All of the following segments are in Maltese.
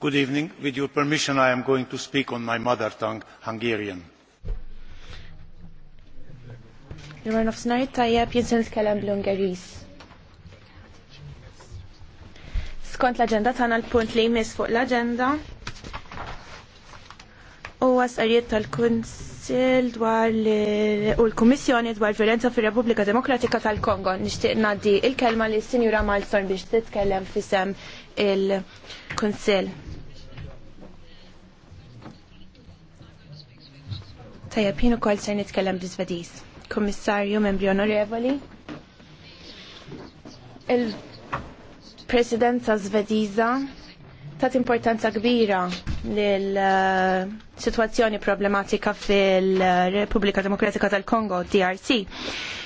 Good evening. With your permission, I am going to speak on my mother tongue, Hungarian. Skont l-aġenda tagħna l-punt li jmiss fuq l-aġenda huwa sqarijiet tal-Kunsill dwar u l-Kummissjoni dwar violenza fir-Repubblika Demokratika tal-Kongo. Nixtieq ngħaddi il-kelma lis Sinjura Malstorm biex titkellem fisem il-Kunsill. Tajab, jienu kol se nitkellem biżvedis. Komissarju, membri onorevoli. Il-Presidenza Zvediza tat importanza kbira lil eh, situazzjoni problematika fil-Repubblika Demokratika tal-Kongo, DRC.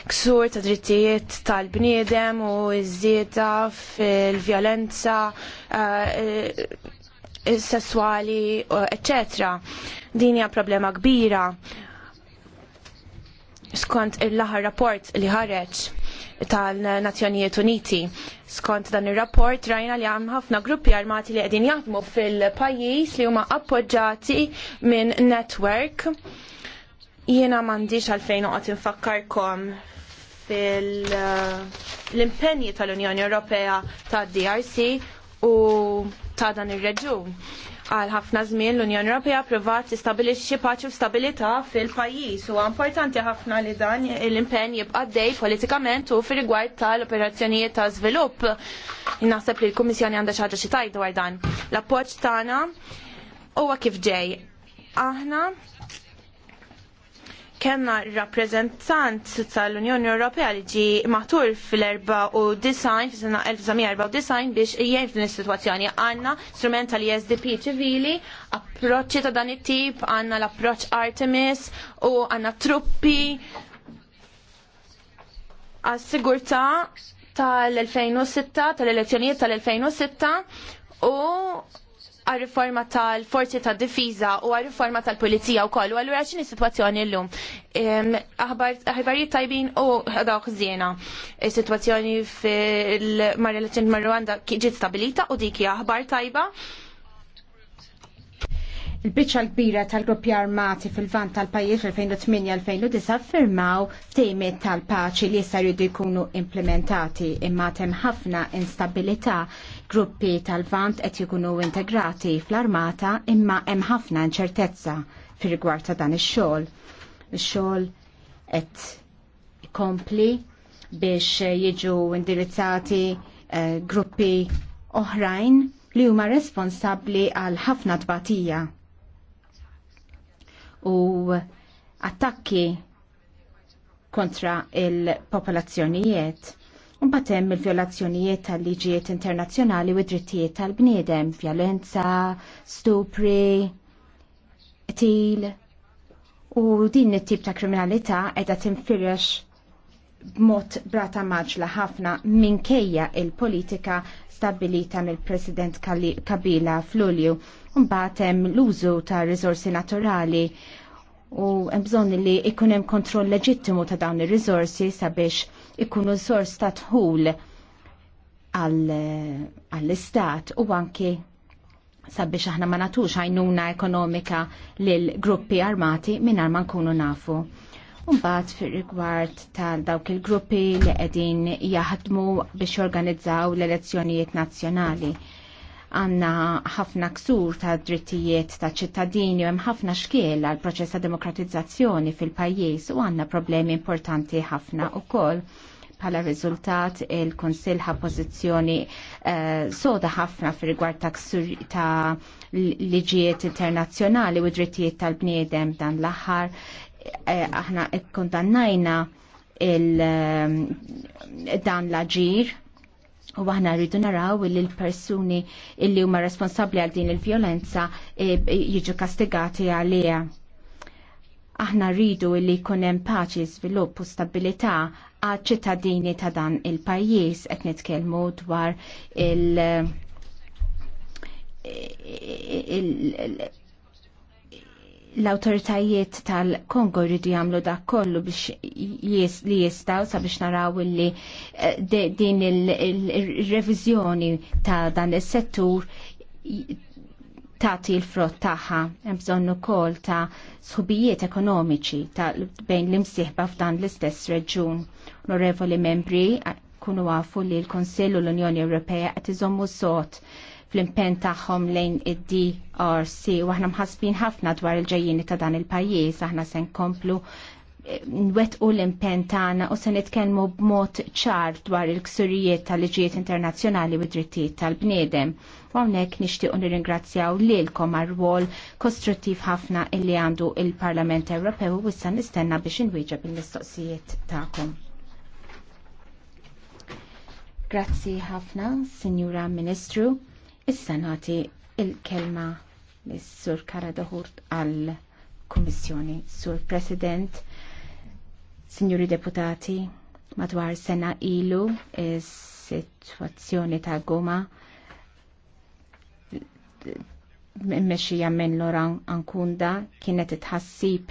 Ksur ta' drittijiet tal-bniedem u iż-żieda fil-vjolenza uh, sessuali, eh, etc. Din hija problema kbira. Skont il-laħar rapport li ħareġ tal-Nazzjonijiet Uniti. Skont dan ir-rapport rajna li hemm ħafna gruppi armati li qegħdin jaħdmu fil-pajjiż li huma appoġġati minn network. Jiena m'għandix għalfejn noqgħod infakkarkom fil-impenji eh, tal-Unjoni Ewropea tad-DRC u ta' dan ir-reġun. Għal ħafna żmien l-Unjoni Ewropea provat tistabilixxi paċi u stabilità fil-pajjiż u importanti ħafna li dan l-impenn jibqa' dej politikament u fir-rigward tal-operazzjonijiet ta' żvilupp. Naħseb li l-Kummissjoni għandha xi ħaġa xi dwar dan. L-appoġġ tagħna huwa kif ġej. Aħna kena rappresentant tal-Unjoni Ewropea li ġi matur fil-94 fis-sena 1994 biex jgħin f'din is-sitwazzjoni. Għandna strument tal SDP ċivili, approċċi ta' dan it-tip, għandna l-approċċ Artemis u għandna truppi għas-sigurtà tal-2006, tal-elezzjonijiet tal-2006 u għal-riforma tal-forzi ta' difiża u għal-riforma tal-pulizija u kollu. x'in x'inhi situazzjoni llum? Aħbarijiet tajbin u dawk żiena. Is-sitwazzjoni marrelazzjoni mar Rwanda ġiet stabilita u dik hija aħbar tajba il-bicċa l-kbira tal-gruppi armati fil-vant tal-pajis fil-2008-2009 firmaw tejmet tal-paċi li jista' jridu jkunu implementati imma tem ħafna instabilità gruppi tal-vant qed jkunu integrati fl-armata imma hemm ħafna inċertezza fir-rigward ta' dan ix-xogħol. Ix-xogħol qed ikompli biex jiġu indirizzati eh, gruppi oħrajn li huma responsabbli għal ħafna tbatija u attakki kontra il-popolazzjonijiet. Un hemm il violazzjonijiet tal-liġijiet internazzjonali u drittijiet tal-bniedem, vjolenza, stupri, til. U din it-tip ta' kriminalità qiegħda tinfirex b'mod brata maġla ħafna minkejja il-politika stabilita mill-President Kabila f'Lulju. Mbagħad hemm l-użu ta' riżorsi naturali u hemm bżonn li ikun hemm kontroll leġittimu ta' dawn ir-riżorsi sabiex ikunu sors ta' tħul għall-istat u anki sabiex aħna ma natux għajnuna ekonomika lil gruppi armati minn ma nkunu nafu. Umbat fir rigward tal dawk il-gruppi li qegħdin jaħdmu biex jorganizzaw l-elezzjonijiet nazzjonali. Għanna ħafna ksur ta' drittijiet ta' ċittadini u hemm ħafna xkiel għal proċess ta' demokratizzazzjoni fil-pajjiż u għandna problemi importanti ħafna ukoll. Bħala riżultat il-Konsil ħa pozizjoni uh, eh, soda ħafna fir rigward ta' ksur ta' liġijiet internazzjonali u drittijiet tal-bniedem dan l-aħħar Eh, aħna kontannajna eh, dan l-aġir u aħna rridu naraw li l-persuni illi huma responsabbli għal din il-vjolenza eh, jiġu kastigati għalija. Aħna rridu li hemm paċi, żvilupp u stabilità għal ċittadini ta' dan il-pajjiż qed nitkellmu dwar il- l-autoritajiet tal-Kongo jridu jagħmlu dak kollu biex li jistgħu sabiex naraw li eh, din il-reviżjoni ta' dan is-settur tagħti l-frott tagħha hemm bżonn ukoll ta' sħubijiet ekonomiċi ta' bejn l-imsieħba f'dan l-istess reġjun. Onorevoli membri, kunu għafu li l-Konsill u l-Unjoni Ewropea qed iżommu sot fl-impen tagħhom lejn id-DRC u aħna mħassbin ħafna dwar il-ġejjini ta' dan il-pajjiż aħna se nkomplu eh, nwetqu l-impen tagħna u se nitkellmu b'mod ċar dwar il-ksurijiet tal-liġijiet internazzjonali u drittijiet tal-bniedem. U hawnhekk nixtiequ nirringrazzjaw lilkom għar-rwol kostruttiv ħafna illi għandu il-Parlament Ewropew u issa nistenna biex inwieġeb il-mistoqsijiet tagħkom. Grazzi ħafna, Signora Ministru. Issa nagħti il-kelma lis-Sur Karadohurt għal Kummissjoni. Sur President, Signori Deputati, madwar sena ilu is-sitwazzjoni ta' Goma mmexxija minn Loran Ankunda kienet itħassib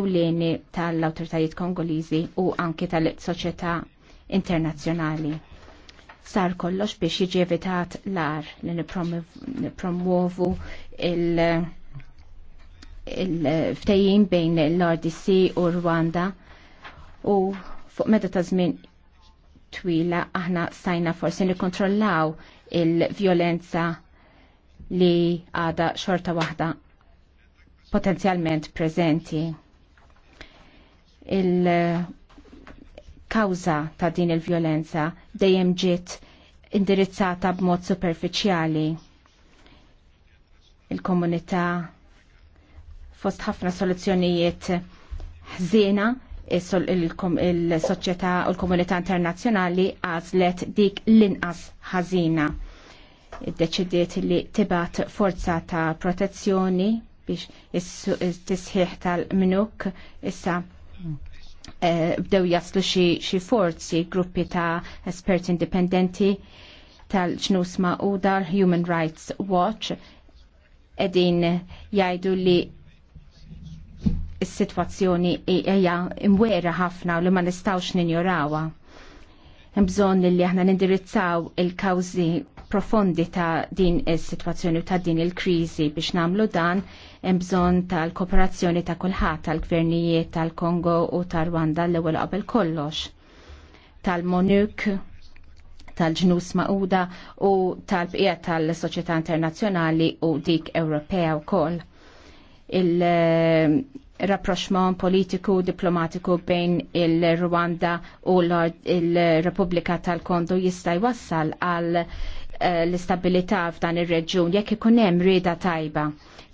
ewleni tal-awtoritajiet Kongoliżi u anki tal-soċjetà internazzjonali sar kollox biex jiġi evitat l-ar li nipromuovu il- il-ftejjin bejn l-RDC u Rwanda u fuq meta ta' żmien twila aħna sajna forsi nikkontrollaw il-vjolenza li għada xorta waħda potenzjalment preżenti kawza ta' din il-vjolenza dejjem ġiet indirizzata b'mod superfiċjali. Il-komunità fost ħafna soluzzjonijiet ħżiena il-soċjetà u l-komunità internazzjonali għażlet dik l-inqas ħażina. Iddeċidiet li tibat forza ta' protezzjoni biex is-tisħiħ tal-minuk issa Eh, bdew jaslu xi forzi gruppi ta' esperti indipendenti tal-ġnus dar Human Rights Watch edin jajdu li s-situazzjoni hija imwera ħafna u li ma nistawx ninjurawa. Hemm bżonn li aħna nindirizzaw il-kawżi profondi ta' din is-sitwazzjoni u ta' din il-kriżi biex namlu dan hemm bżonn tal-kooperazzjoni ta' kulħadd tal-gvernijiet tal-Kongo u tal rwanda l-ewwel qabel kollox tal-Monuk tal-ġnus ma'uda u tal-bqija tal-soċjetà internazzjonali u dik Ewropea wkoll. Il-rapproċmon politiku diplomatiku bejn il-Rwanda u l-Repubblika tal-Kondu jista' jwassal għal Eh, l-istabilità f'dan ir-reġjun jekk ikun hemm rieda tajba.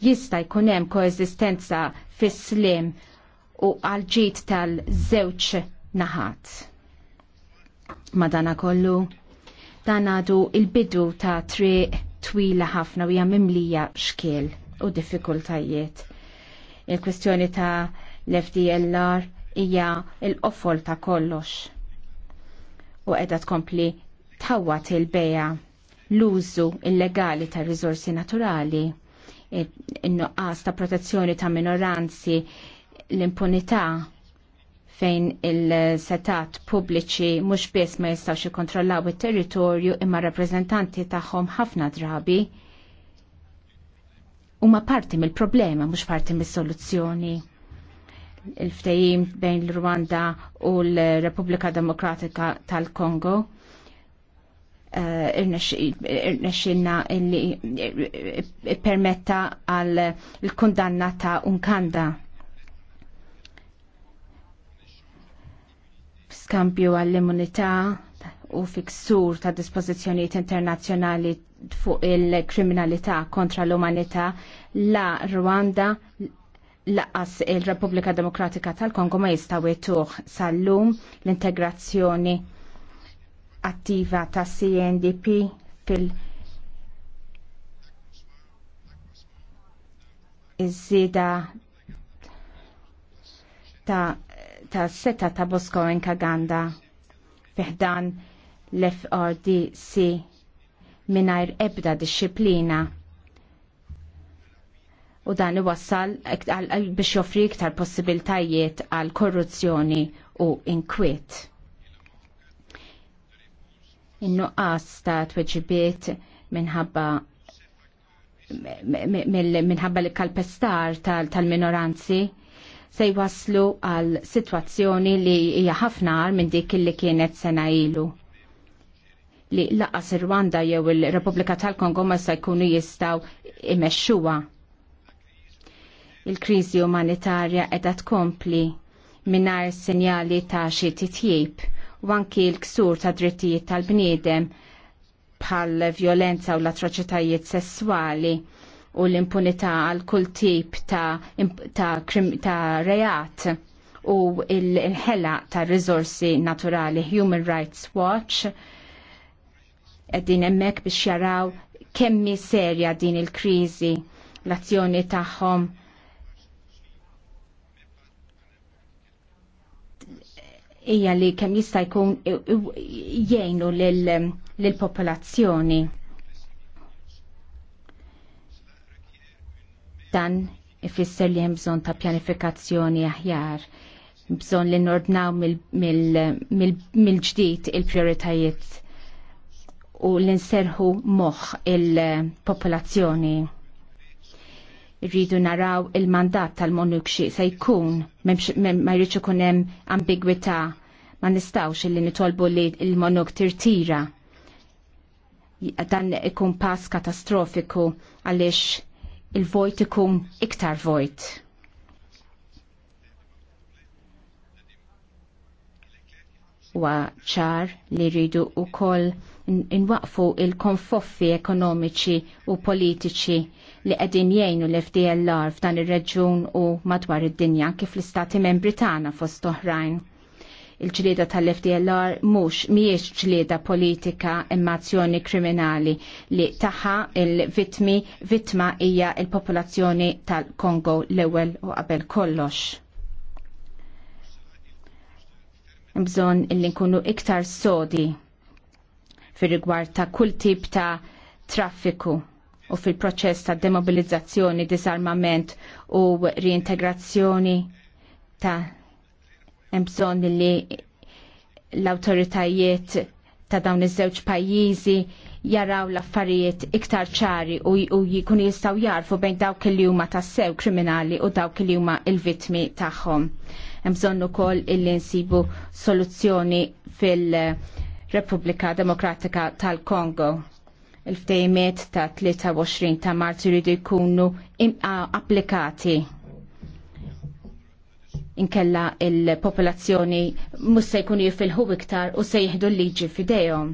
Jista' jkun hemm koeżistenza fis-slim u għal-ġid tal-żewġ naħat. Madana kollu, dan għadu il-bidu ta' triq twila ħafna u hija mimlija xkiel u diffikultajiet. Il-kwestjoni ta' l-FDLR hija l-offol ta' kollox u qiegħda tkompli tawwa il-beja l-użu illegali ta' rizorsi naturali, in-nuqqas ta' protezzjoni ta' minoranzi, l-impunità fejn il-setat pubbliċi mhux biss ma jistgħux ikkontrollaw it-territorju imma rappreżentanti tagħhom ħafna drabi huma parti mill-problema mhux parti mis-soluzzjoni il ftehim bejn l-Rwanda u l-Repubblika Demokratika tal-Kongo irnexxinna illi permetta għal il-kundanna ta' unkanda. Skampju għall-immunità u fiksur ta' dispożizzjonijiet internazzjonali fuq il-kriminalità kontra l-umanità la Rwanda laqas il-Repubblika Demokratika tal-Kongo ma jistaw sal-lum l-integrazzjoni attiva ta' CNDP fil- iż-żieda ta' ta' seta ta' Bosco in Kaganda fiħdan l-FRDC minnajr ebda disċiplina u dan iwassal biex joffri iktar possibiltajiet għal korruzzjoni u inkwiet in-nuqqas ta' tweġibiet minħabba minħabba li kalpestar tal-minoranzi se jwaslu għal situazzjoni li hija ħafna minn dik li kienet sena ilu li laqas ir-Rwanda jew il-Repubblika tal-Kongo ma se jkunu jistaw imexxuha. Il-kriżi umanitarja qiegħda tkompli mingħajr sinjali ta' xi titjib u anki l-ksur ta' drittijiet tal-bniedem bħal violenza u l-atroċitajiet sessuali u l-impunità għal kull tip ta', ta, ta reat u l-ħela ta' rizorsi naturali Human Rights Watch din emmek biex jaraw kemmi serja din il-krizi l-azzjoni tagħhom hija li kemm jista' jkun jgħinu lill-popolazzjoni. Dan ifisser li hemm bżonn ta' pjanifikazzjoni aħjar, bżonn li nordnaw mill-ġdid il-prioritajiet u l-inserħu moħħ il-popolazzjoni. il popolazzjoni Irridu naraw il-mandat tal-monukxi se jkun ma jridx ikun hemm ambigwità ma nistgħux illi nitolbu li il-monuk tirtira. Dan ikun pass katastrofiku għaliex il-vojt ikun iktar vojt. Wa ċar li rridu u koll inwaqfu il-konfoffi ekonomiċi u politiċi li qegħdin jgħinu l-FDLR f'dan ir-reġjun u madwar id-dinja kif l-istati membri tagħna fost oħrajn. Il-ġlieda tal-FDLR mhux mhijiex ġlieda politika imma azzjoni kriminali li taħħa il-vitmi vitma hija il-popolazzjoni tal-Kongo l-ewwel u qabel kollox. Bżonn illi nkunu iktar sodi fir rigward ta' kull tip ta' traffiku u fil-proċess ta' demobilizzazzjoni, disarmament u riintegrazzjoni ta' bżonn li l-autoritajiet ta' dawn iż-żewġ pajjiżi jaraw l-affarijiet iktar ċari u, u jikun jistaw jarfu bejn dawk li huma tassew kriminali u dawk li huma il-vitmi tagħhom. Hemm bżonn ukoll illi nsibu soluzzjoni fil- Repubblika Demokratika tal-Kongo il-ftejmiet ta' 23 ta' marzu jridu jkunu applikati inkella il-popolazzjoni mus se jkunu jifilħu iktar u se jihdu l-liġi fidejhom.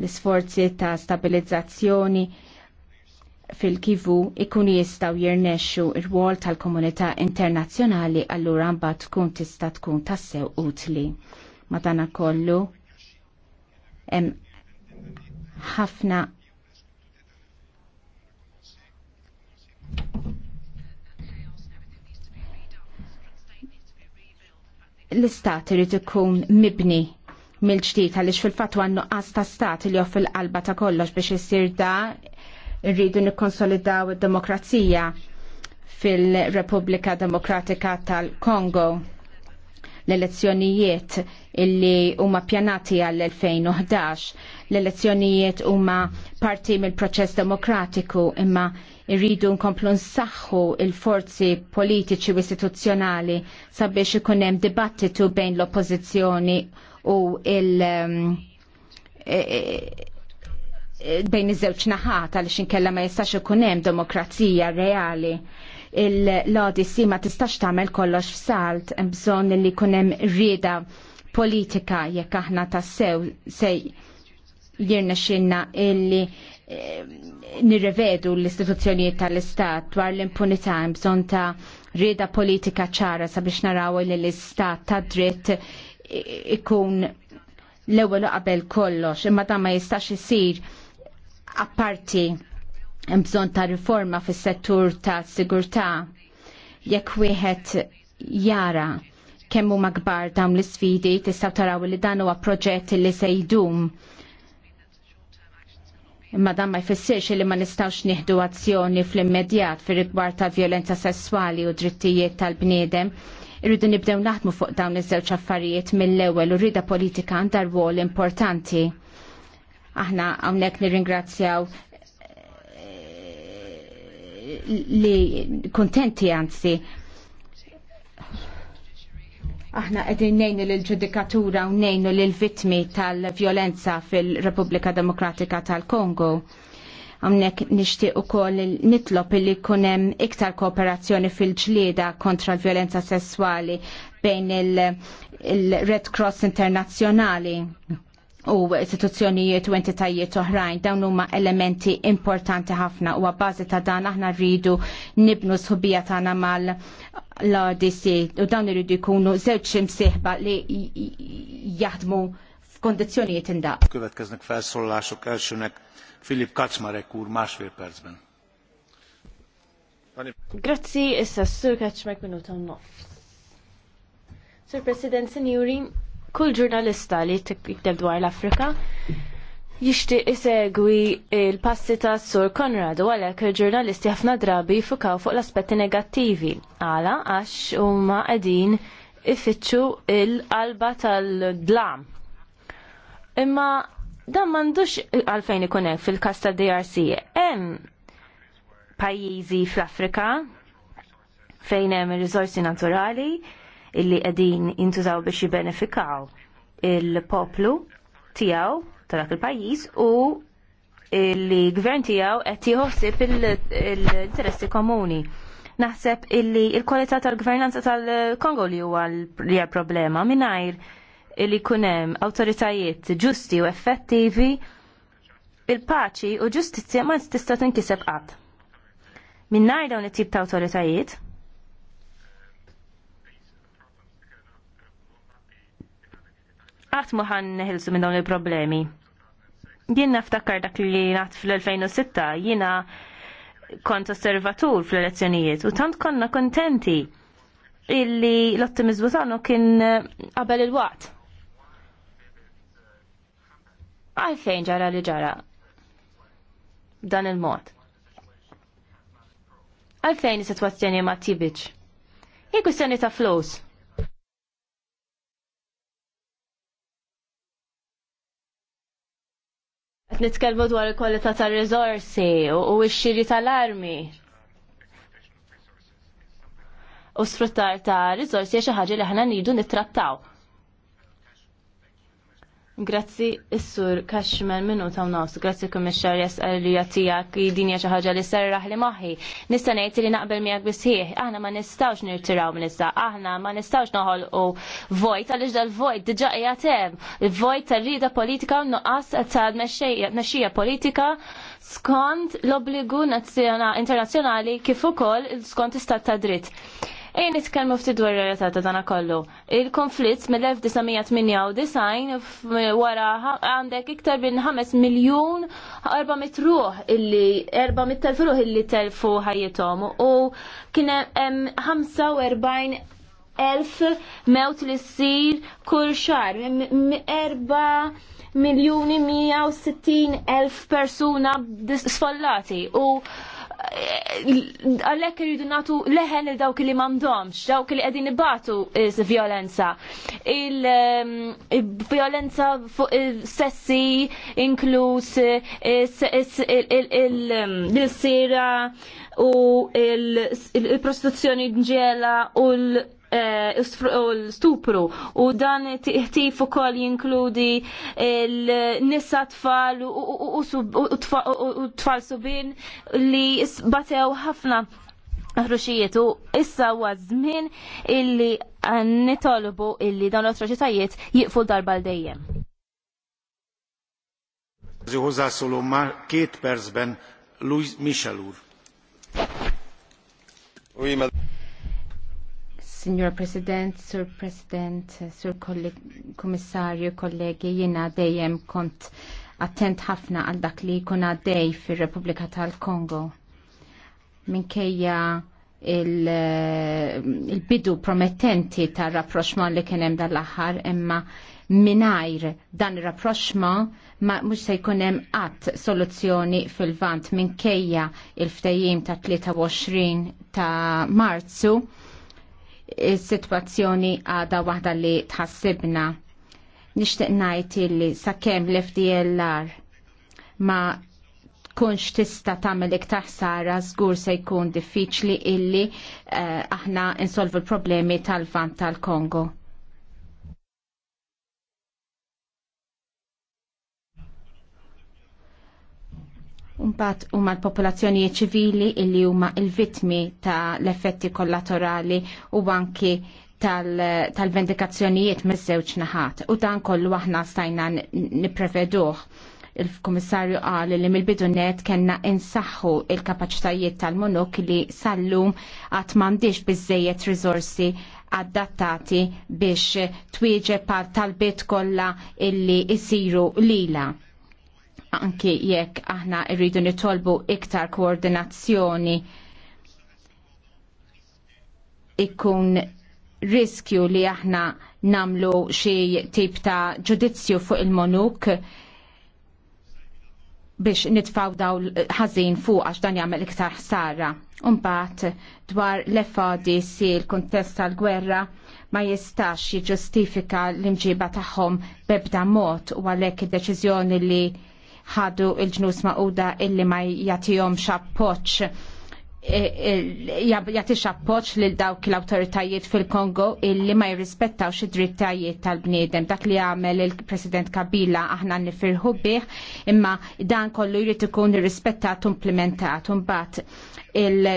L-isforzi ta' stabilizzazzjoni fil-kivu ikunu jistaw jirnexxu ir-wol tal-komunità internazzjonali allura mbagħad tkun tista' tkun tassew utli. Madana kollu hemm ħafna l-istat irid ikun mibni mill-ġdid għaliex fil-fatt għandu nuqqas ta' stat li joff l qalba ta' kollox biex isir da rridu nikkonsolidaw id-demokrazija fil-Repubblika Demokratika tal-Kongo l-elezzjonijiet illi huma pjanati għall-2011. L-elezzjonijiet huma parti mill-proċess demokratiku imma irridu nkomplu nsaħħu il-forzi politiċi u istituzzjonali sabiex ikun hemm dibattitu bejn l-oppożizzjoni u il- ehm, e, e, e, bejn iż-żewġ naħat għaliex inkella ma jistax ikun hemm demokrazija reali l odc ma tistax tagħmel kollox f'salt, bżonn li jkun hemm rieda politika jekk aħna tassew sej jirna xinna illi eh, nirrevedu l-istituzzjonijiet tal-istat dwar l-impunità bżon ta' rieda politika ċara sabiex naraw li l-istat ta' dritt ikun l-ewwel qabel kollox imma dan ma jistax isir apparti bżon ta' riforma fis settur ta' sigurtà jekk wieħed jara kemm huma kbar dawn l-isfidi tistgħu taraw li dan huwa proġett li se jdum imma dan ma jfissirx li ma nistawx nieħdu azzjoni fl-immedjat fir rigward ta' violenza sessuali u drittijiet tal-bniedem. Irridu nibdew naħdmu fuq dawn iż-żewġ affarijiet mill-ewwel u rrida politika għandha rwol importanti. Aħna hawnhekk nirringrazzjaw li kontenti għanzi Aħna qegħdin nejnu lill-ġudikatura u nejnu lill-vittmi tal-vjolenza fil-Repubblika Demokratika tal-Kongo. Għamnek nixtieq ukoll nitlob li jkun hemm iktar kooperazzjoni fil-ġlieda kontra l violenza sessuali bejn il-Red Cross Internazzjonali u situazzjonijiet u entitajiet oħrajn dawn huma elementi importanti ħafna u għabbażi ta' dan aħna rridu nibnu sħubija tagħna mal l-ADC u dawn irridu jkunu żewġ imsieħba li jaħdmu f'kondizzjonijiet indaq. Következnek felszólalások elsőnek Filip Kaczmarek úr másfél percben. Grazzi, issa s-sur Kaczmarek minuta nof Sur President, Signori, Kull ġurnalista li jikteb dwar l-Afrika jixtieq isegwi il-passi ta' Sur Konrad u għalhekk il-ġurnalisti ħafna drabi jifukaw fuq l-aspetti negattivi għala għax huma qegħdin ifittxu il-qalba tal-dlam. Imma dan m'għandux għalfejn ikun hekk fil kasta DRC. Hemm pajjiżi fl-Afrika fejn hemm ir-riżorsi naturali illi qegħdin jintużaw biex jibbenefikaw il-poplu tiegħu ta' dak il-pajjiż u illi gvern tiegħu qed jħossib il interessi komuni naħseb illi il-kwalità tal-gvernanza tal-Kongo li huwa li problema mingħajr illi kunem awtoritajiet ġusti u effettivi il-paċi u ġustizzja ma tista' tinkiseb qatt. Mingħajr dawn it-tip ta' awtoritajiet Għat muħan neħilsu minn dawn il-problemi. Jien naftakar dak li naħt fl-2006 jiena kont osservatur fl-elezzjonijiet u tant konna kontenti illi l-ottimizmu tagħna kien eh, qabel il-waqt. Għalfejn ġara li ġara dan il-mod. Għalfejn is-sitwazzjoni ma tibiċ. Hi kwistjoni ta' flows. qed nitkellmu dwar il-kwalità tar-riżorsi u x-xiri tal-armi. U sfruttar ta' riżorsi xi ħaġa li aħna nidu nittrattaw. Grazzi Issur Kaxman minnu ta' nofs, grazzi kummissarja li jatijak tijak dinja ħaġa li serraħ li maħi. Nista' ngħid li naqbel miegħek bisħiħ, aħna ma nistawx nirtiraw minnissa, aħna ma nistawx noħol u vojt għaliex dal-vojt diġà qiegħed hemm. Il-vojt tar-rida politika u nuqqas ta' meċxija politika skont l-obbligu internazzjonali kif ukoll skont istat ta' dritt. Ejn nitkellmu ftit dwar realtà ta' dana kollu. Il-konflitt mill-1998 wara għandek iktar minn 5 miljun 400 ruħ illi 400 ruħ illi telfu ħajjithom u kien hemm 45 elf mewt li ssir kull xar, 4 miljoni 160 elf persuna sfollati u għalhekk irridu nagħtu leħen il dawk li m'għandhomx, dawk li qegħdin ibatu violenza. Ehm, il-violenza fuq il sessi inkluż ehm, il-sira u il-prostituzzjoni ġela u l- Eh, l-stupru u dan tiħtif u ukoll jinkludi l-nisa tfal u tfal subin li batew ħafna ħruxijiet u issa huwa żmien illi nitolbu illi dan l-atroċitajiet jiqfu darba l-dejjem. Hozzászóló már két percben Louis Michel úr. Signor President, Sur President, Sur Kommissarju, kollegi, jina dejjem kont attent ħafna għal dak li jkun għaddej fir-Repubblika tal-Kongo. Minkejja eh, il-bidu il promettenti tar-rapproċman li kien hemm dal-aħħar imma minajr dan rapproċma ma mux se jkunem għat soluzzjoni fil-vant minkejja il-ftajim ta' 23 ta' marzu is-sitwazzjoni għada waħda li tħassibna. Nixtieq najt illi sakemm l-FDLR ma tkunx tista tagħmel iktar sara żgur se jkun diffiċli illi uh, aħna insolvu l-problemi tal-vant tal-Kongo. Unbat huma l-popolazzjonijiet ċivili illi huma il-vitmi ta' l-effetti kollaterali u anki tal-vendikazzjonijiet tal miż-żewġ naħat. U dan kollu aħna stajna nipreveduħ. Il-Kummissarju qal li mill-bidu net kellna insaħħu il-kapaċitajiet tal-monok li sallum għat m'għandix bizzejiet rizorsi adattati biex twieġeb tal-bit kollha illi isiru lila anki jekk aħna rridu nitolbu iktar koordinazzjoni ikun riskju li aħna namlu xi tip ta' ġudizzju fuq il-monuk biex nitfaw daw ħażin fuq għax dan jagħmel iktar ħsara. Imbagħad dwar l si l-kuntest tal-gwerra ma jistax jiġġustifika l-imġiba tagħhom bebda mod u għalhekk id-deċiżjoni li ħadu il-ġnus maquda illi ma jagħtihomx appoġġ E, e, jagħtix appoġġ lil dawk l-awtoritajiet fil-Kongo illi ma jirrispettawx id-drittajiet tal-bniedem. Dak li għamel il-President Kabila aħna nifirħu bih, imma dan kollu jrid ikun irrispettat u implementat. Mbagħad il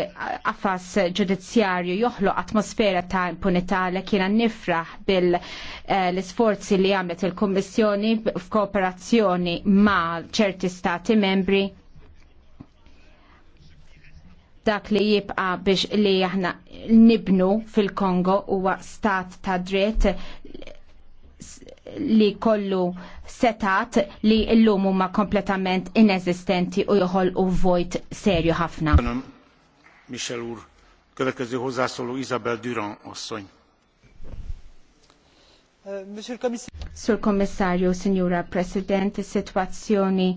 affas ġudizzjarju joħloq atmosfera ta' impunità li kiena nifraħ bil-sforzi eh, li għamlet il-Kummissjoni f'kooperazzjoni ma' ċerti stati membri dak li jibqa biex li jahna nibnu fil-Kongo huwa stat ta' dritt li kollu setat li l-lum huma kompletament inesistenti u joħolqu vojt serju ħafna. Michel Ur, következő hozzászóló Isabel Durand asszony. Sur Kommissarju, Signora President, is-sitwazzjoni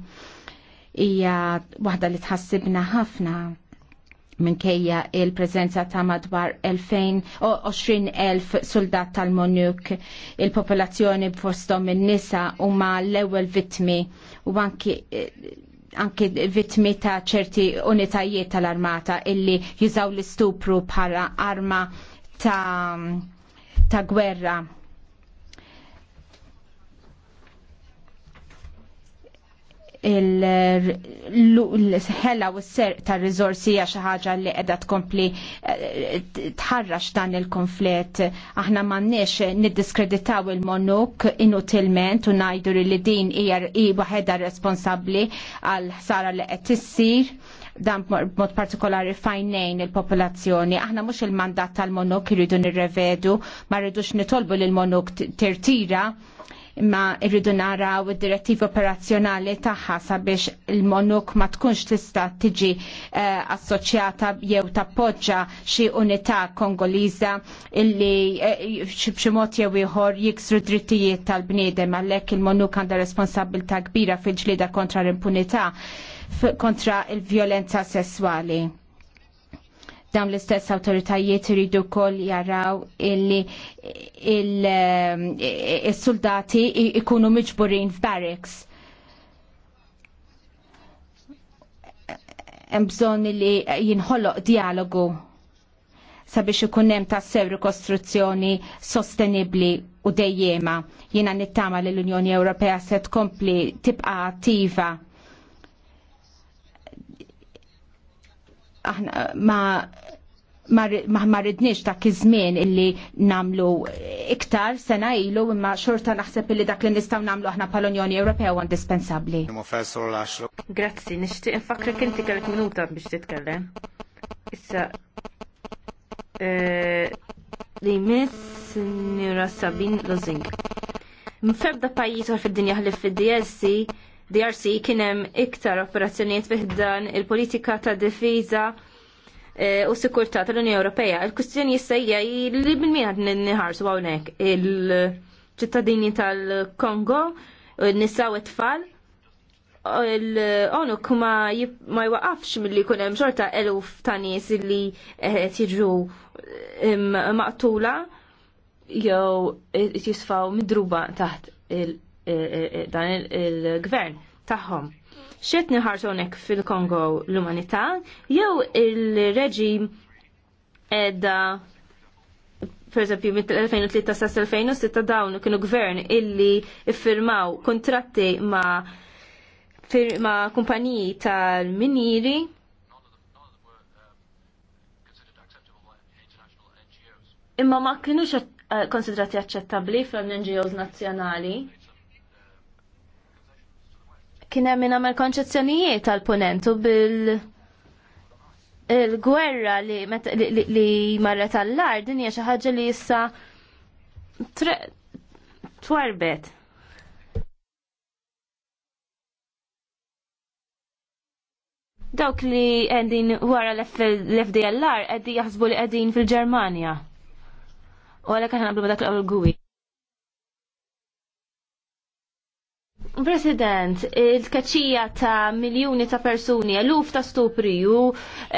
hija waħda li tħassibna ħafna minkejja il-prezenza ta' madwar 20,000 soldat tal monuk il-popolazzjoni b'fostom minn nisa huma l-ewwel vittmi u anki eh, anki vittmi ta' ċerti unitajiet tal-armata illi jużaw l-istupru bħala arma ta' ta' gwerra il-ħella u s-ser ta' rizorsija ħaġa li edha tkompli eh, tħarrax dan il-konflitt. Aħna mannix niddiskreditaw il-monuk inutilment u najdu li din hija waħedha responsabli għal ħsara li qed tissir dan mod partikolari fajnejn il-popolazzjoni. Aħna mhux il-mandat tal-monuk irridu nirrevedu, ma rridux nitolbu l monuk tirtira imma irridu naraw id direttiva operazzjonali tagħha sabiex il-monuk ma tkunx tista tiġi eh, assoċjata jew tappoġġa xi unità kongoliża illi xi eh, b'xi mod jew ieħor jiksru drittijiet tal-bniedem għalhekk il-monuk għandha responsabilità kbira fil-ġlieda kontra l-impunità kontra il-vjolenza sessuali Dawn l-istess awtoritajiet iridu wkoll jaraw illi ehm, il-soldati ikunu miġburin f'barracks. Hemm bżonn li jinħoloq dialogu sabiex ikun hemm tassew rikostruzzjoni sostenibbli u dejjema. Jiena nittama li l-Unjoni Ewropea se tkompli tibqa' attiva aħna ma ma rridniex ta' iż-żmien illi nagħmlu iktar sena ilu imma xorta naħseb illi dak li nistgħu nagħmlu aħna pal-Unjoni Ewropea huwa indispensabbli. Grazzi, nixtieq infakri kinti kellek minuta biex titkellem. Issa eh, li miss Nira Sabin Lozing. Mfebda pajjiżor fid-dinja ħlif fil dsc DRC kien hemm iktar operazzjonijiet fiħdan, il-politika ta' difiża eh, u sikurtà tal-Unjoni Ewropea. Il-kustjoni jissejja li bil-mina niħarsu hawnhekk il-ċittadini tal-Kongo, n-nisa u t-tfal, l-onuk ma, ma jwaqafx mill-li kunem xorta eluf ta' nies li tiġu eh, maqtula jew jisfaw midruba taħt il- Eh, eh, eh, dan il-gvern tagħhom. Xed niħarsonek fil-Kongo l-umanità jew il-reġim edda per eżempju, mit-2003 sa 2006 dawn kienu gvern illi iffirmaw kontratti ma' ma kumpaniji tal-miniri imma ma kienux konsidrati aċċettabli fl-NGOs nazzjonali kien hemm min għamel konċezzjonijiet tal-punentu bil- il-gwerra li, li, li marret għall-lar din hija xi ħaġa li issa twarbet. Dawk li għedin wara l-FDLR għeddi jaħsbu li għedin fil-Germania. U għalek għan għablu dak l-għu President, il-kaċija ta' miljoni ta' persuni, eluf ta' stupri u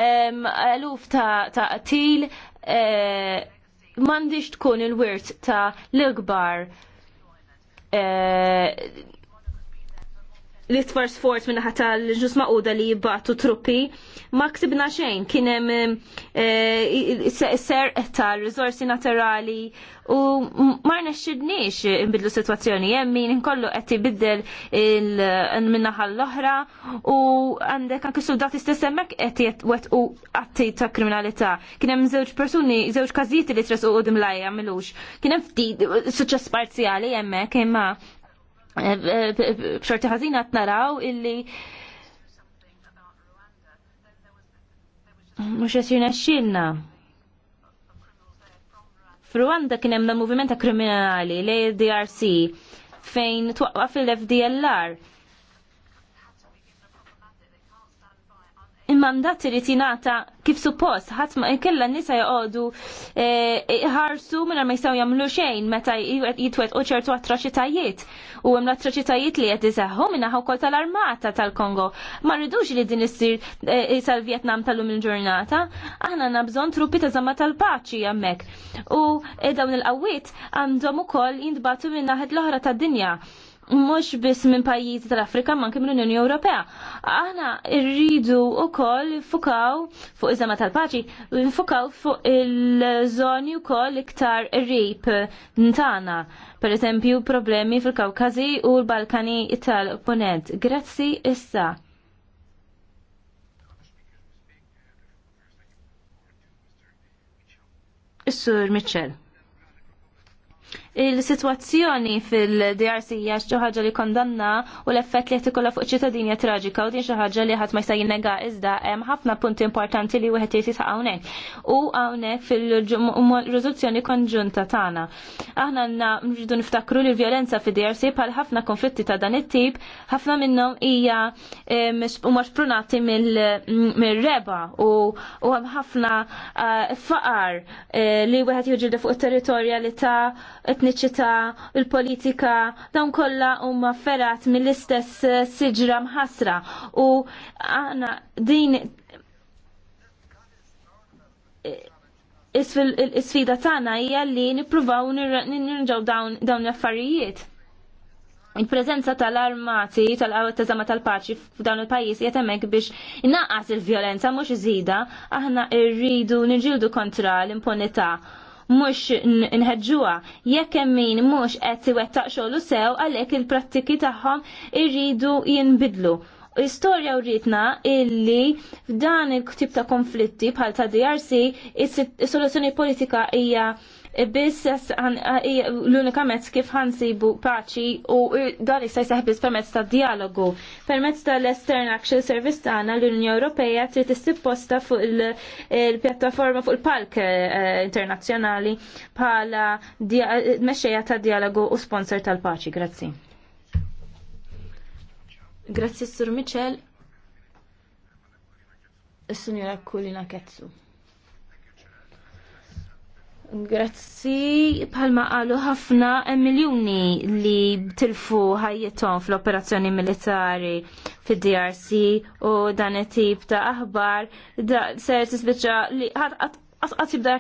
eluf ta' qatil e, mandiġ tkun il-wirt ta' l-ikbar e, li tfar sforz minna ħata l-ġus maquda li jibbatu truppi, ma ksibna xejn, kienem eh, ser etta rizorsi naturali u ma nexxidniex imbidlu situazzjoni, jemmi min inkollu qed ibiddel minna l-oħra u għandek anki soldati stess hemmhekk qed wet u għatti ta' kriminalità. Kien hemm żewġ persuni, żewġ li li u għodim lajja milux. Kien hemm ftit suċċess parzjali hemmhekk imma b'xorti ħażina qed naraw illi mhux qed jirnexxielna. F'Rwanda kien hemm movimenta kriminali l-ADRC fejn twaqqaf il-FDLR il-mandat irid jingħata kif suppost, ħadd ma kellha nisa joqogħdu eh, ħarsu mingħajr ma jistgħu jagħmlu xejn meta jitwetqu ċertu atroċitajiet. U hemm l-atroċitajiet li qed iseħħu minnaħa wkoll tal-armata tal-Kongo. Ma rridux li din issir eh, sal-Vjetnam tal-lum il-ġurnata, aħna għandna bżonn truppi ta' żamma tal-paċi hemmhekk. U eh, dawn il-qawwiet għandhom ukoll jintbagħtu minn naħed l-oħra tad-dinja mhux biss minn pajjiżi tal-Afrika ma anke mill-Unjoni Ewropea. Aħna rridu wkoll fukaw fuq iż-żama tal-paċi, fukaw fuq il-żoni wkoll iktar rip ntana, per eżempju problemi fil-Kawkazi u l-Balkani tal-Ponent. Grazzi issa. sur Mitchell il-situazzjoni fil-DRC hija xi ħaġa li kondanna u l-effett li qed ikollha fuq ċittadinja traġika u din xi ħaġa li ħadd ma jista' jinnega iżda hemm ħafna punti importanti li wieħed jisisa hawnhekk. U hawnhekk fil-riżoluzzjoni konġunta tagħna. Aħna nridu niftakru li l-vjolenza fid-DRC bħal ħafna konflitti ta' dan it-tip, ħafna minnhom hija eh, huma sprunati mir reba u hemm ħafna eh, faqar eh, li wieħed jiġilda fuq it territorjalità l-etniċità, il-politika, dawn kollha huma ferat mill-istess eh, siġra mħasra u għana din eh, is-sfida tagħna hija li nippruvaw nirġgħu dawn l-affarijiet. Il-preżenza tal-armati tal għawet tal-paċi f'dawn il pajis jatemek hemmhekk biex innaqqas il-vjolenza mhux iżida, aħna rridu nġildu kontra l-impunità mhux nħeġġuha jekk hemm min mhux qed iwettaq xogħlu sew għalhekk il-prattiki tagħhom irridu jinbidlu. Istorja uritna illi f'dan il-ktib ta' konflitti bħal ta' DRC is-soluzzjoni politika hija biss l-unika mezz kif ħansibu paċi u dan jista' jseħħ biss permezz ta' dialogu. Permezz tal-Extern Action Service tagħna l-Unjoni Ewropea trid tissipposta fuq il-pjattaforma fuq il-palk eh, internazzjonali bħala mexxejja ta' dialogu u sponsor tal-paċi. Grazzi. Grazzi Sur Michel. Is-Sinjora Kulina Ketsu. Grazzi, bħalma qalu ħafna miljoni miljuni li tilfu ħajjithom fl-operazzjoni militari fid-DRC u dan it-tip ta' aħbar da ser tispiċċa li ħadd għat jibda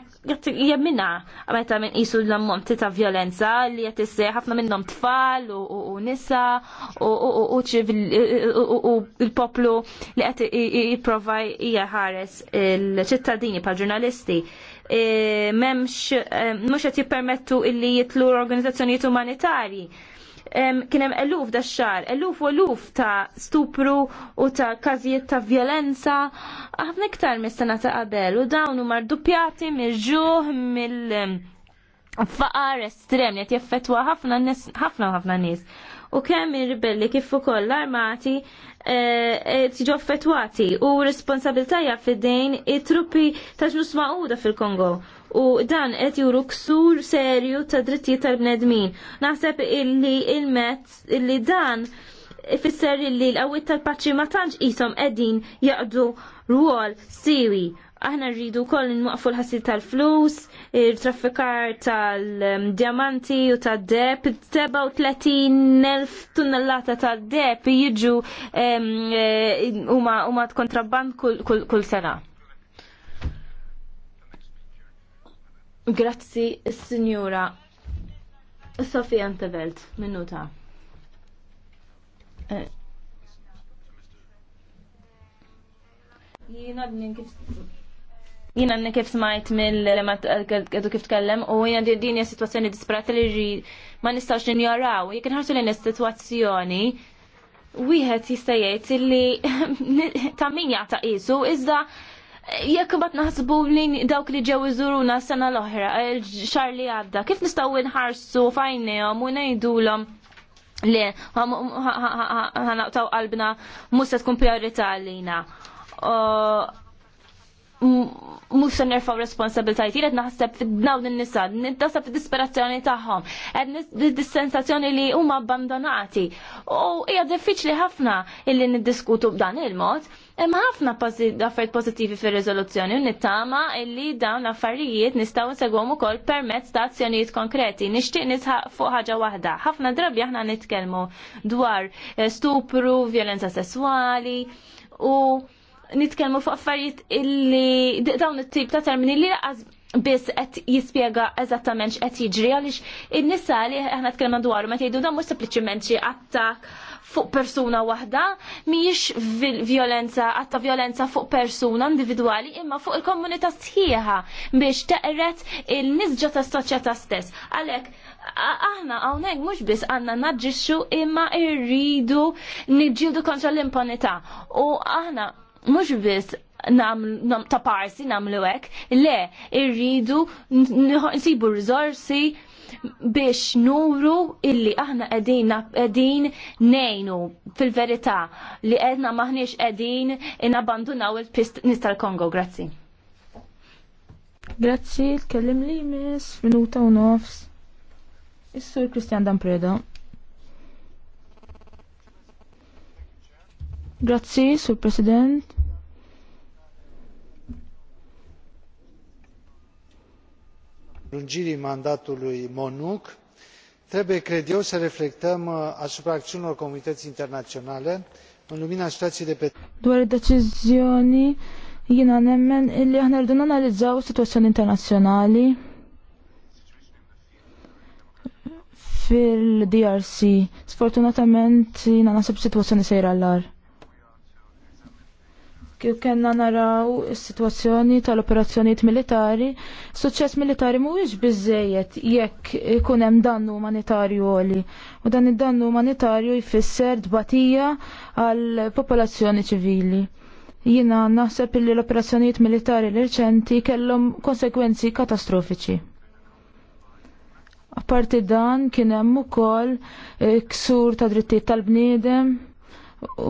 jemmina għameta minn jisu l ammont ta' violenza li jett ħafna minnom tfal u nisa u il-poplu li jett jiprovaj jgħares il-ċittadini pa' ġurnalisti. E, memx, e, mux jett jipermettu illi jitlu organizzazzjoniet umanitarji kienem eluf da xar, eluf u eluf ta' stupru u ta' kazijiet ta' violenza, ħafna iktar mis-sena ta' qabel u dawn huma mardupjati mill-ġuħ mill faqar estrem li jaffetwa ħafna ħafna ħafna nies. U kemm ir-ribelli kif ukoll l-armati eh, eh, tiġu affettwati u responsabiltajja fid-dejn it-truppi ta' ġnus fil-Kongo u dan qed juru ksur serju ta' drittijiet tal-bnedmin. Naħseb illi il-mezz illi dan ifisser illi l-qawwiet tal-paċi ma tantx qishom qegħdin jaqdu rwol siwi. Aħna rridu wkoll nwaqfu l-ħassil tal-flus, il-traffikar tal-diamanti u tad-deb, 37.000 tunnellata tad-deb jiġu eh, huma kontrabband kull sena. Grazzi, signora Sofia Antevelt, minuta. Eh. Jina jina kif smajt mill-lema għadu eh, kif tkellem u jina din hija situazzjoni disperata li ġi ma nistax njaraw. Jek nħarsu li situazzjoni wieħed jista' jgħid li ta' min jagħta qisu iżda jekk bat naħsbu li dawk li ġew iżuruna s-sena l-oħra, xar li għadda, kif nistgħu nħarsu fajnejhom u ngħidulhom li ħanaqtaw qalbna mhux se tkun prijorità għalina mux nerfaw responsabilitajt, jiret naħseb fid-dawn il-nisa, nintasab fid-disperazzjoni taħħom, dis-sensazzjoni li huma abbandonati. U hija diffiċli ħafna illi niddiskutu b'dan il-mod, imma ħafna affarijiet pozittivi fir rizoluzzjoni u nittama illi dawn l-affarijiet nistgħu nsegwhom ukoll permezz ta' azzjonijiet konkreti. Nixtieq nisħaq fuq ħaġa waħda. Ħafna drabi aħna nitkellmu dwar stupru, violenza sesswali u nitkellmu fuq affarijiet illi dawn it-tip ta' termini li laqas biss qed jispjega eżattament x'qed jiġri għaliex in-nisa li aħna tkellma dwaru meta jgħidu dan mhux sempliċiment xi attak fuq persuna waħda mhijiex violenza għatta' violenza fuq persuna individwali imma fuq il-komunità sħiħa biex teqret il-nisġa tas-soċjetà stess. Għalhekk aħna hawnhekk mhux biss għandna naġġixxu imma rridu niġġieldu kontra l-impunità. U aħna mhux biss nam ta' parsi namlu hekk, le irridu nsibu riżorsi biex nuru illi aħna qegħdin qegħdin nejnu fil-verità li qedna maħniex qegħdin inabbandunaw il-pist nistal Kongo. Grazzi. Grazzi, tkellim li miss minuta u nofs. Is-sur Kristjan Dampreda. Grazzi, Sur President. lungirii mandatului monuc trebuie cred eu să reflectăm uh, asupra acțiunilor comunității internaționale în lumina situației de pe Doar decizioni deċiżjoni jiena nemmen illi aħna rridu nanalizzaw sitwazzjoni internazzjonali fil-DRC. Sfortunatament jiena nasib sitwazzjoni sejra l-ar kif kena naraw is-sitwazzjoni tal-operazzjonijiet militari, suċċess militari mhuwiex biżejjed jekk ikun hemm dannu umanitarju għoli. U dan id-dannu umanitarju jfisser dbatija għal popolazzjoni ċivili. Jina naħseb li l-operazzjonijiet militari l-reċenti kellhom konsekwenzi katastrofiċi. Apparti dan kien hemm ukoll eh, ksur ta' drittijiet tal-bniedem,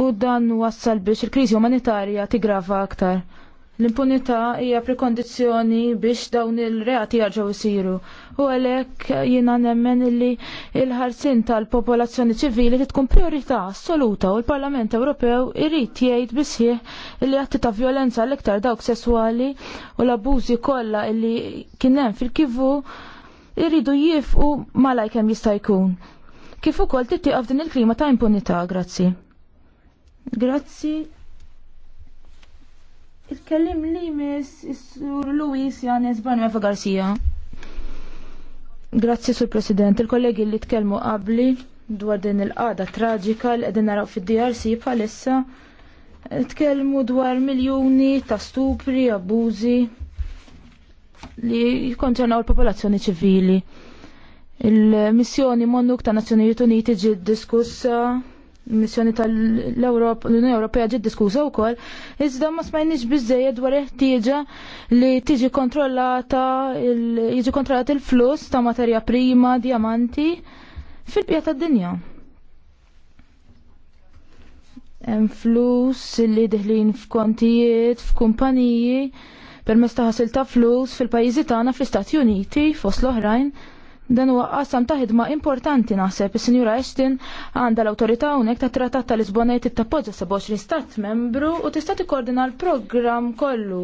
u dan wassal biex il-kriżi umanitarja tigrava aktar. L-impunità hija prekondizzjoni biex dawn il-reati jarġgħu jsiru. U għalhekk jiena nemmen li l-ħarsin tal-popolazzjoni ċivili titkun priorità assoluta u l-Parlament Ewropew irid jgħid bisħieħ li atti ta' violenza l-iktar dawk sesswali u l-abbużi kollha li kien hemm fil-kivu irridu jifqu malajkem jista' jkun. Kif ukoll titti din il-klima ta' impunità, grazzi. Grazzi. Il-kellim li mis Sur Luis Janes Banueva Garcia. Grazzi Sur President, il-kollegi li tkellmu qabli dwar din il-qada traġika li qegħdin naraw fid-DRC palissa. tkellmu dwar miljuni ta' stupri, abbużi li jikkonċernaw il-popolazzjoni ċivili. Il-missjoni Monnuk ta' Nazzjonijiet Uniti ġiet diskussa missjoni tal-Unjoni Ewropea ġiet diskusa wkoll, iżda ma smajniex biżejjed dwar ħtieġa li tiġi kontrollata jiġi kontrollat il-fluss ta' materja prima, diamanti fil-bija tad-dinja. Hemm flus li diħlin f'kontijiet, f'kumpaniji, permezz ta' ħasil ta' flus fil-pajjiżi tagħna fl-Istati Uniti fost l-oħrajn Dan huwa qasam ta' ħidma importanti naħseb is-Sinjura Ashton għandha l-awtorità hawnhekk ta' Trattat ta' Lisbona jtib tappoġġa 27 stat membru u tista' tikkoordina l-programm kollu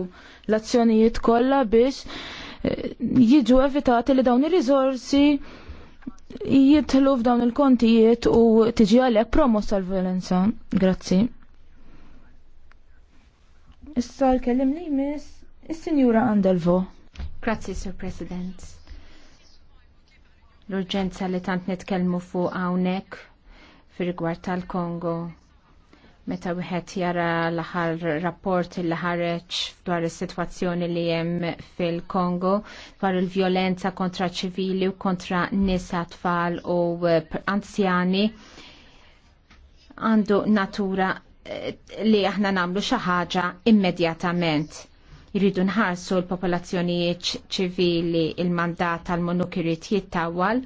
l-azzjonijiet kollha biex eh, jiġu evitati li dawn ir-riżorsi jitħlu f'dawn il-kontijiet u tiġi għalhekk promos tal-violenza. Grazzi. Issa l-kellim li is-Sinjura Andelvo. Grazzi, Sir President. L-urġenza li tant nitkellmu fuq hawnhekk fir-rigward tal-Kongo meta wieħed jara l-aħħar rapport li ħareġ dwar is-sitwazzjoni li hemm fil-Kongo dwar il-vjolenza kontra ċivili u kontra nisa tfal u eh, anzjani għandu natura eh, li aħna nagħmlu xi ħaġa immedjatament. Jridu nħarsu l-popolazzjonijiet ċivili il-mandat tal-monuk irrid jittawal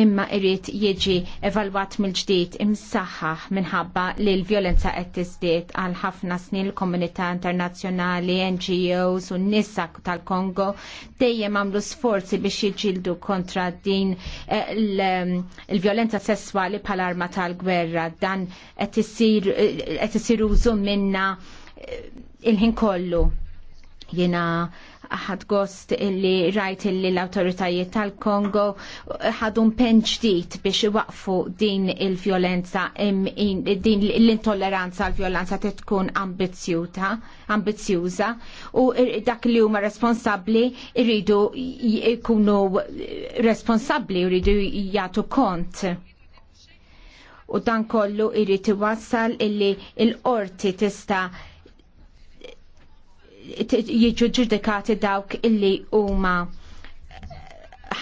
imma irrid jiġi evalwat mill-ġdid imsaħħaħ minħabba li l-vjolenza qed tiżdied għal ħafna snin l-komunità internazzjonali, NGOs u n-nisa tal-Kongo dejjem għamlu sforzi biex jiġildu kontra din eh, l-vjolenza sesswali bħal arma tal-gwerra dan qed isir eh, użu minna eh, il-ħin kollu Jena ħad gost illi rajt illi l-autoritajiet tal-Kongo ħadu penċ dit biex waqfu din il-violenza, din l-intolleranza għal-violenza tkun ambizjuta, u dak li huma responsabli irridu jkunu responsabli, irridu jgħatu kont u dan kollu irrid iwassal illi il-qorti tista' jiġu ġudikati dawk illi huma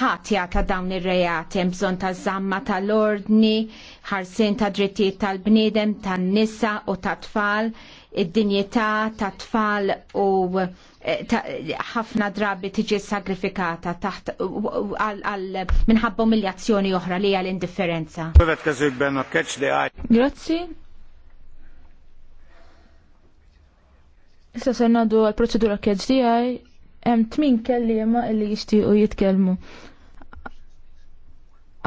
ħatja ta' dawn ir-reati hemm bżonn ta' żamma tal-ordni, ħarsien ta' drittijiet tal-bniedem, tan-nisa u tat-tfal, id-dinjità tat-tfal u eh, ħafna drabi tiġi sagrifikata taħt għal minħabba umiljazzjoni oħra li għal indifferenza. Grazzi. Issa se ngħaddu għall proċedura di tiegħi hemm tmin kelliema li jixtiequ jitkellmu.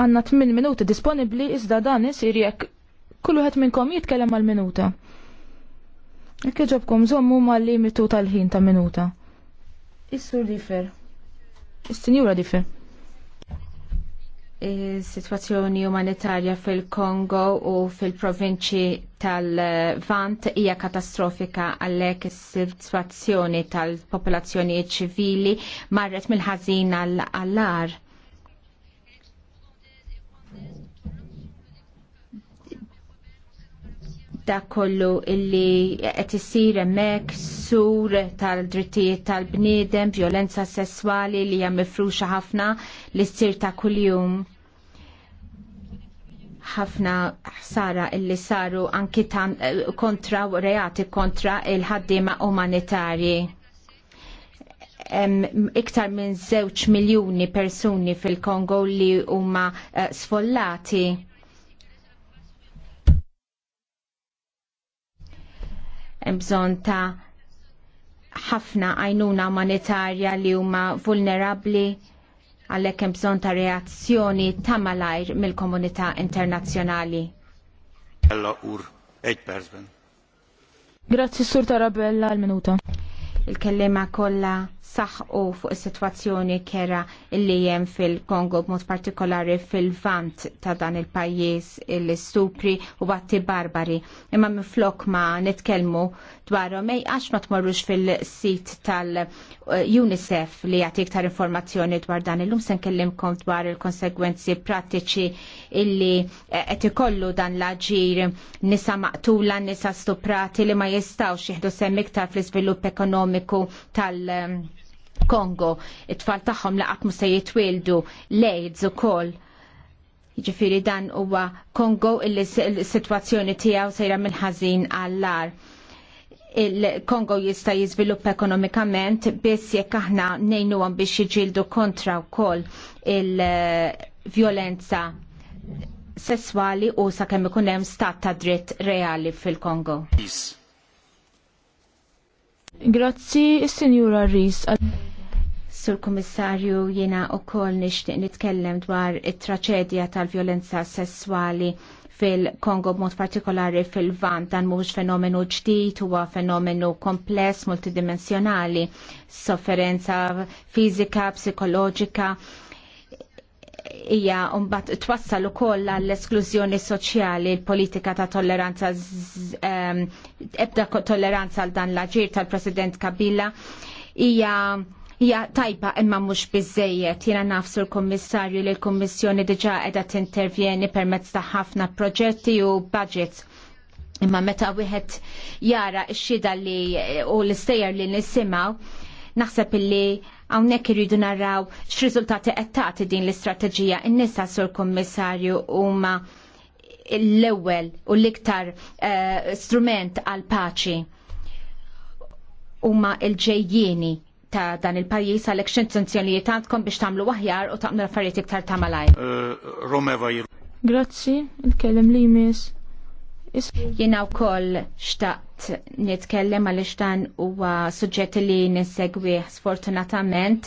Għanna tmin minuti disponibbli iżda dan isir jekk kull wieħed minnkom jitkellem għal minuta. Jekk zommu żommu mal-limitu tal-ħin ta' minuta. Is-sur differ. Is-sinjura differ. Is-sitwazzjoni umanitarja fil-Kongo u fil-provinċi tal-Vant hija katastrofika għalhekk is-sitwazzjoni tal-popolazzjonijiet ċivili marret mill-ħażin għall-ar. da kollu illi qed isir hemmhekk sur tal-drittijiet tal-bniedem, violenza sesswali li hija mifruxa ħafna li ssir ta' kuljum ħafna ħsara illi saru anki eh, kontra reati kontra il-ħaddima umanitarji iktar minn żewġ miljuni persuni fil-Kongo li huma eh, sfollati. sfollati. bżonn ta' ħafna għajnuna umanitarja li huma vulnerabli għalhekk hemm bżonn ta' reazzjoni ta' malajr mill-komunità internazzjonali. Alla ur, 8 Grazzi Sur Tarabella għal minuta il-kellima kollha u fuq is-sitwazzjoni kera li hemm fil-Kongo b'mod partikolari fil-vant ta' dan il-pajjiż il stupri u batti barbari. Imma minflok ma nitkellmu dwarhom mej għax ma tmorrux fil-sit tal-UNICEF li jagħti iktar informazzjoni dwar dan illum se nkellimkom dwar il-konsegwenzi prattiċi illi eh, qed ikollu dan l-aġir nisa maqtula, nisa stuprati li ma jistgħux jieħdu semm iktar fl-iżvilupp ekonomi ekonomiku tal- Kongo, it-tfal tagħhom laqat se jitwildu l ukoll. Ġifiri dan huwa Kongo il s-sitwazzjoni tiegħu sejra mill-ħażin għall-lar il-Kongo jista' jiżvilupp ekonomikament biss jekk aħna ngħinuhom biex jiġildu kontra wkoll il-vjolenza sesswali u sakemm ikun hemm stat ta' dritt reali fil-Kongo. Peace. Grazzi, Signora Ries. Sur Komissarju, jena u koll nishtiq nitkellem dwar it-traċedja tal-violenza sessuali fil-Kongo b'mod partikolari fil-Vant dan mhux fenomenu ġdid huwa fenomenu kompless multidimensjonali, sofferenza fizika, psikoloġika, hija mbagħad twassal ukoll l esklużjoni soċjali l-politika ta' tolleranza ebda tolleranza għal dan l-aġir tal-President Kabila ija Ja, tajba imma mhux biżejjed. Jiena nafsu l-Kummissarju li l-Kummissjoni diġà qiegħda tintervjeni permezz ta' ħafna proġetti u budgets. Imma meta wieħed jara x-xida li u l-istejjer li nisimgħu naħseb illi Hawnhekk irridu naraw x'riżultati qed tagħti din l-istrateġija in-nisa sur u huma l-ewwel u l-iktar uh, strument għal paċi huma l-ġejjieni ta' dan il-pajjiż għalhekk x'intenzjonijiet għandkom biex tagħmlu aħjar u tagħmlu affarijiet iktar ta' malajr. Eh, Romeva Grazzi, il-kellem li jmiss. Jiena wkoll xtaq nitkellem għalix dan huwa suġġetti li ninsegwi sfortunatament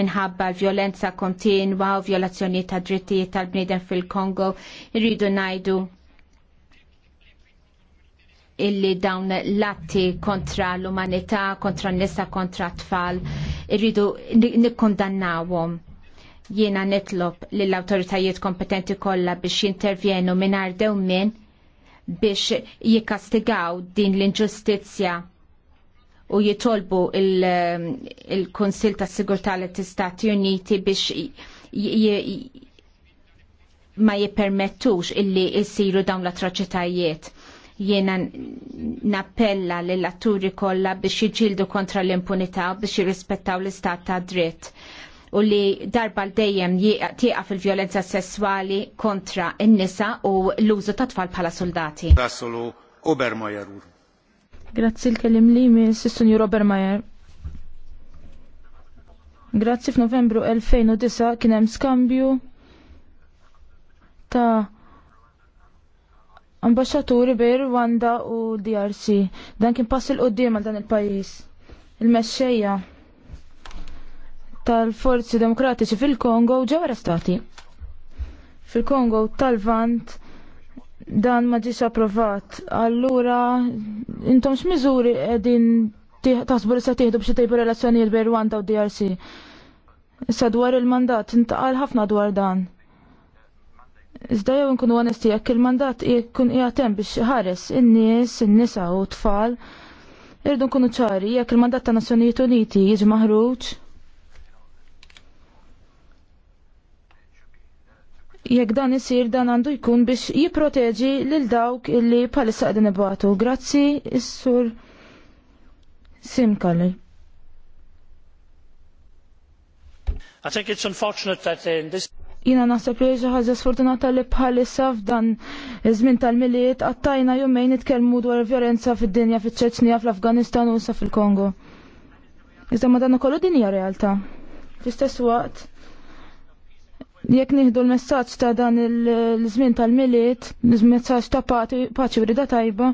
minħabba l-violenza kontinwa u violazzjoni ta' drittijiet tal-bniedem fil-Kongo irridu najdu illi dawn l-atti kontra l-umanità, kontra n-nisa, kontra t-tfal, irridu nikkondannawhom. Jiena nitlob lill awtoritajiet kompetenti kollha biex jintervjenu minn dew minn biex jikastigaw din l-inġustizja u jitolbu um, il-Konsil ta' Sigurtà l-Istati Uniti biex ma jippermettux illi jisiru dawn l-atroċitajiet. Jiena nappella lill atturi kollha biex jiġildu kontra l-impunità biex jirrispettaw l-istat ta' dritt u li darba l-dejjem tieqa fil-violenza sessuali kontra n nisa u l-użu ta' tfal bħala soldati. Rassolu Obermeyer. Grazzi l kellim li mi s-sunju Obermeyer. Grazzi f'Novembru 2009 kien hemm skambju ta' ambasċaturi bej Rwanda u DRC. Dan kien pass il-qoddim għal dan il-pajis. Il-mexxejja tal-forzi demokratiċi fil-Kongo ġew arrestati. Fil-Kongo tal-Vant dan ma ġiex approvat. Allura intom x'miżuri qegħdin taħsbu li se tieħdu biex tejbu relazzjonijiet bejn Rwanda u DRC. Issa dwar il-mandat intqal ħafna dwar dan. Iżda jew nkunu onesti jekk il-mandat jkun hemm biex ħares in-nies, in-nisa u t-tfal, irdu nkunu ċari jekk il-mandat ta' Nazzjonijiet Uniti jiġi maħruġ jekk dan isir dan għandu jkun biex jipproteġi lil dawk illi palissa qegħdin ibatu. Grazzi s sur Simkali. I think it's unfortunate that in uh, this jina naħseb li ħaġa sfortunata li bħalissa f'dan iż-żmien tal-miliet għattajna jumejn nitkellmu dwar violenza fid-dinja fiċ-Ċeċnija fl-Afganistan u sa fil-Kongo. Iżda ma dan ukoll din hija realtà. Fl-istess waqt jekk nieħdu l-messaġġ ta' dan l-żmien tal-miliet, l-messaġġ ta' paċi wrida tajba,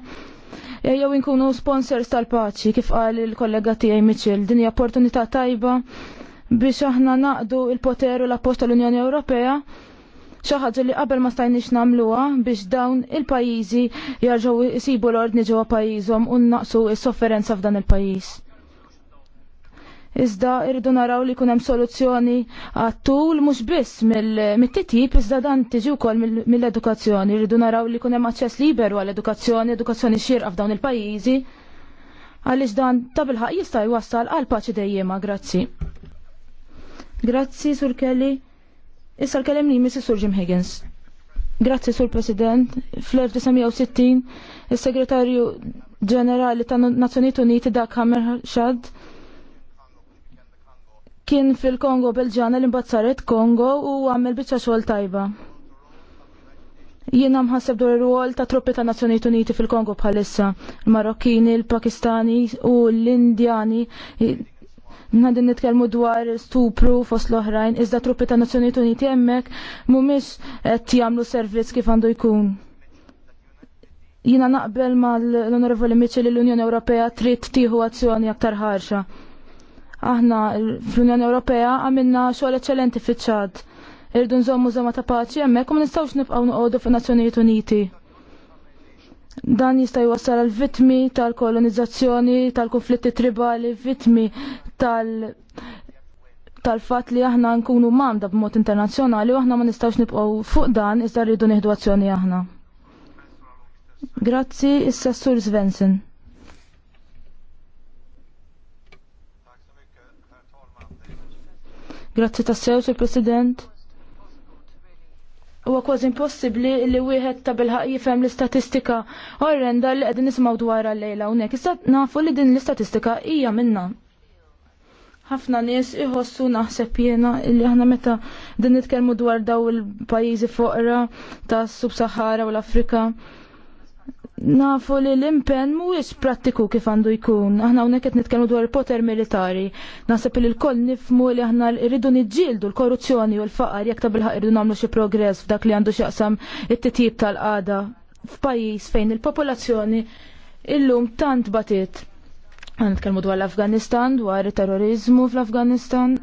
e jew inkunu sponsors tal-paċi kif qal il-kollega tiegħi Mitchell, din hija opportunità tajba biex aħna naqdu il-poter u l-appost tal-Unjoni Ewropea xi ħaġa li qabel ma stajniex nagħmluha biex dawn il-pajjiżi jarġgħu jsibu l-ordni ġewwa pajjiżhom u naqsu s-sofferenza f'dan il-pajjiż. Iżda irridu naraw li kunem soluzzjoni għattul mux biss mill-titjib, iżda dan tiġi wkoll mill-edukazzjoni. Irridu naraw li kunem aċċess liberu għall-edukazzjoni, edukazzjoni xirqa f'dawn il-pajjiżi. Għaliex dan tabilħaq jista' jwassal għal paċi dejjema, grazzi. Grazzi, Sur Kelly. Issa l-kelem li Mrs. Sur Jim Higgins. Grazzi, Sur President. Fl-1960, il-Segretarju Ġenerali ta' Nazzjoniet Uniti Dak Shad kien fil-Kongo Belġana li mbazzaret Kongo u għamil bieċa xogħol tajba. Jiena mħasseb dwar ir-rwol ta' truppi ta' Nazzjonijiet Uniti fil-Kongo bħalissa, il-Marokkini, il-Pakistani u l-Indjani Nħadin nitkelmu dwar stupru fost l-oħrajn, iżda truppi ta' Nazzjonijiet Uniti hemmhekk mhumiex qed jagħmlu servizz kif għandu jkun. Jiena naqbel mal l-Onorevoli Mitchell l-Unjoni Ewropea trid tieħu azzjoni aktar ħarxa. Aħna fl-Unjoni Ewropea għamilna xogħol eċċellenti fiċ-ċad. Irdu nżommu żema ta' paċi hemmhekk u ma nistgħux nibqgħu noqogħdu fin-Nazzjonijiet Uniti. Dan jista' jwassal għal vittmi tal-kolonizzazzjoni, tal-konflitti tribali, vittmi tal- tal-fat li aħna nkunu m'għandha b'mod internazzjonali u aħna ma nistgħux nibqgħu fuq dan iżda rridu nieħdu azzjoni aħna. Grazzi, issa Sur Svensson. Grazzi tassew, Sur President. Huwa kważi impossibbli li wieħed ta' bilħaq jifhem l-istatistika orrenda li qegħdin nisimgħu dwarha lejla hawnhekk. Issa nafu li din l-istatistika hija minnha. Ħafna nies iħossu naħseb jiena li aħna meta din nitkellmu dwar daw il-pajjiżi foqra tas-Subsahara u l-Afrika. Nafu li l-impen mhuwiex prattiku kif għandu jkun. Aħna hawnhekk qed nitkellmu dwar poter militari. Naħseb li l-koll nifmu li aħna rridu niġġieldu l-korruzzjoni u l-faqar jekk tabilħaq irridu nagħmlu xi progress f'dak li għandu x'jaqsam it-titjib tal-qada f'pajjiż fejn il-popolazzjoni illum tant batit. nitkellmu dwar l-Afganistan, dwar terrorizmu fl-Afganistan.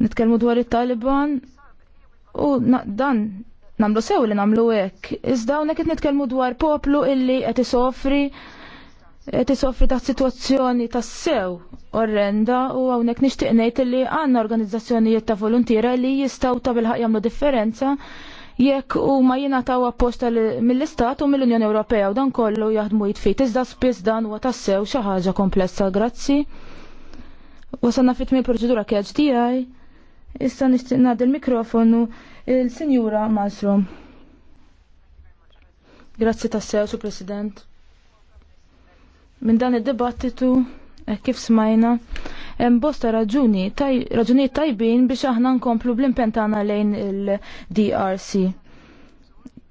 Nitkellmu dwar it-Taliban. U dan namlu sew li namlu hekk. Iżda hawnhekk qed nitkellmu dwar poplu illi qed isofri qed isofri ta' sitwazzjoni ta' sew orrenda u hawnhekk nixtieq ngħid illi għandna organizzazzjonijiet ta' volontiera li jistgħu ta' bilħaq jagħmlu differenza jekk u ma jingħataw apposta mill-Istat u mill-Unjoni Ewropea u dan kollu jaħdmu jitfit. Iżda spiss dan huwa tassew xi ħaġa komplessa, grazzi. Wasanna fit-tmien proċedura kħedġ tiegħi. Issa nixtieq nagħdi mikrofonu il-Sinjura Malmstrom. Grazzi tassew, Su President. Minn dan id-dibattitu eh, kif smajna, hemm bosta raġuni, taj, raġuni tajbin biex aħna nkomplu bl impentana lejn il-DRC.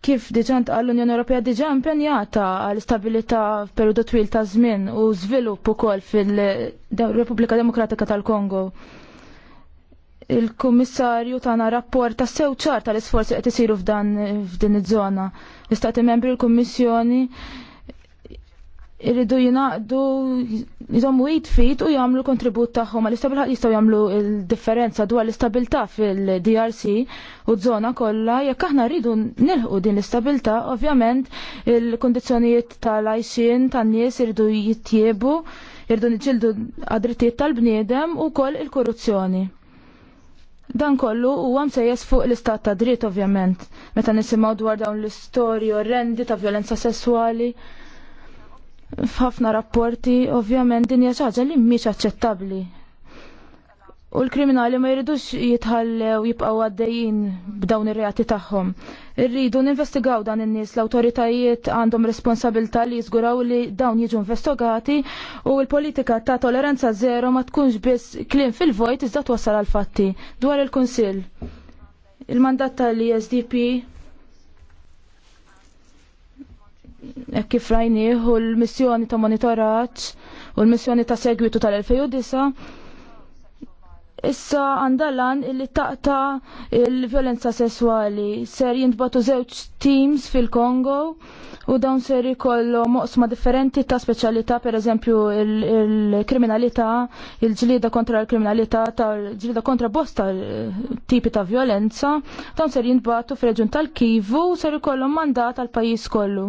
Kif diġant għall unjoni Ewropea diġà impenjata għall-istabilità f'perjodu twil ta' żmien u żvilupp ukoll fil-Repubblika Demokratika tal-Kongo il-kummissarju tagħna rapport sew ċar tal-isforzi qed isiru f'dan f'din iż-żona. L-istati membri l-kummissjoni irridu jinaqdu jżommu jid fit u jagħmlu kontribut tagħhom għal istabilħaq jistgħu jagħmlu l-differenza dwar l-istabilità fil-DRC u żona kollha jekk aħna rridu nilħu din l-istabilità, ovvjament il-kundizzjonijiet tal-għajxin tan-nies irridu jittiebu irridu niġildu għadrittijiet tal-bniedem u koll il-korruzzjoni. Dan kollu u għam se fuq l-istat ta' dritt ovvjament, meta nisimaw dwar dawn l-istorji orrendi ta' violenza sessuali. F'ħafna rapporti ovvjament din hija ħaġa li mhix aċċettabbli U l-kriminali ma jridux jitħallew jibqgħu għaddejjin b'dawn ir-reati tagħhom. Irridu ninvestigaw dan in-nies l-awtoritajiet għandhom responsabilità li jiżguraw li dawn jiġu investigati u l-politika ta' toleranza zero ma tkunx biss kliem fil-vojt iżda twassal għal fatti dwar il-Kunsill. Il-mandat tal-ISDP kif rajnieh u l-missjoni ta' monitoraġġ u l-missjoni ta' segwitu tal-2009 issa għandalan illi taqta il-violenza sessuali. Ser jintbatu żewġ teams fil-Kongo u dawn ser jkollhom moqsma differenti ta' speċjalità pereżempju il-kriminalità, il-ġlida kontra l-kriminalità, tal-ġlida kontra bosta tipi ta' violenza, dawn ser jintbatu f'reġun tal-Kivu u ser jkollhom mandat għal pajjiż kollu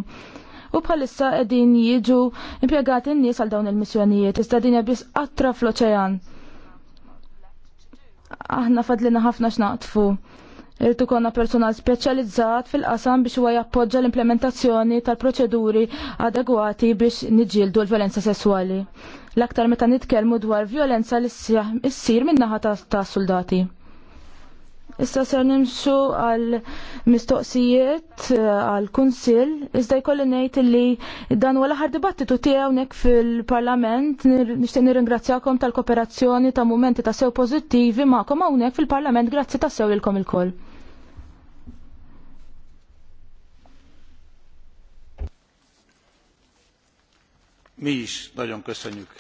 u bħalissa edin jiġu impiegati n-nies għal dawn il-missjonijiet, iżda din jabis attra fl-oċean aħna fadlina ħafna x'naqtfu. Irtu konna personal speċjalizzat fil-qasam biex huwa jappoġġa l-implementazzjoni tal-proċeduri adegwati biex niġġieldu l-violenza sessuali. L-aktar meta nitkellmu dwar violenza li ssir min-naħa ta' soldati. Issa ser nimxu għal mistoqsijiet eh, għal kunsil, iżda jkolli nejt li dan wala ħar dibattitu tiegħu fil-Parlament, nixtieq ingrazzjakom tal-kooperazzjoni ta' mumenti ta' sew pożittivi koma hawnhekk fil-Parlament, grazzi ta' sew lilkom ilkoll. Mi is nagyon köszönjük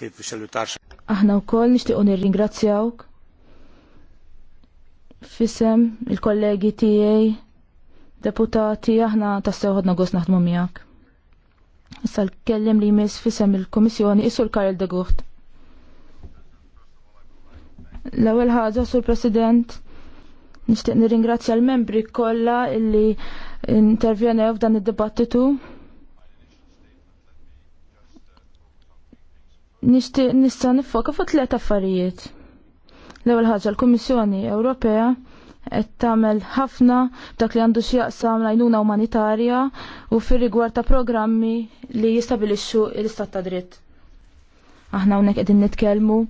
képviselőtársak. Aħna wkoll nixtiequ nirringrazzjawk Fisem, il-kollegi tiegħi, deputati, aħna tassew ħodna għos naħdmu miegħek. Issa kellem li jmiss fisem il-Komissjoni isur Karl de Gucht. L-ewwel ħaġa sur President nixtieq nirringrazzja l-membri kollha illi intervjenew f'dan id-dibattitu. Nixtieq nista' nifoka fuq tliet affarijiet. L-ewwel ħaġa l-Kummissjoni Ewropea qed tagħmel ħafna dak li għandu x'jaqsam l-għajnuna umanitarja u fir-rigward ta' programmi li jistabilixxu l-istat ta' dritt. Aħna hawnhekk qegħdin nitkellmu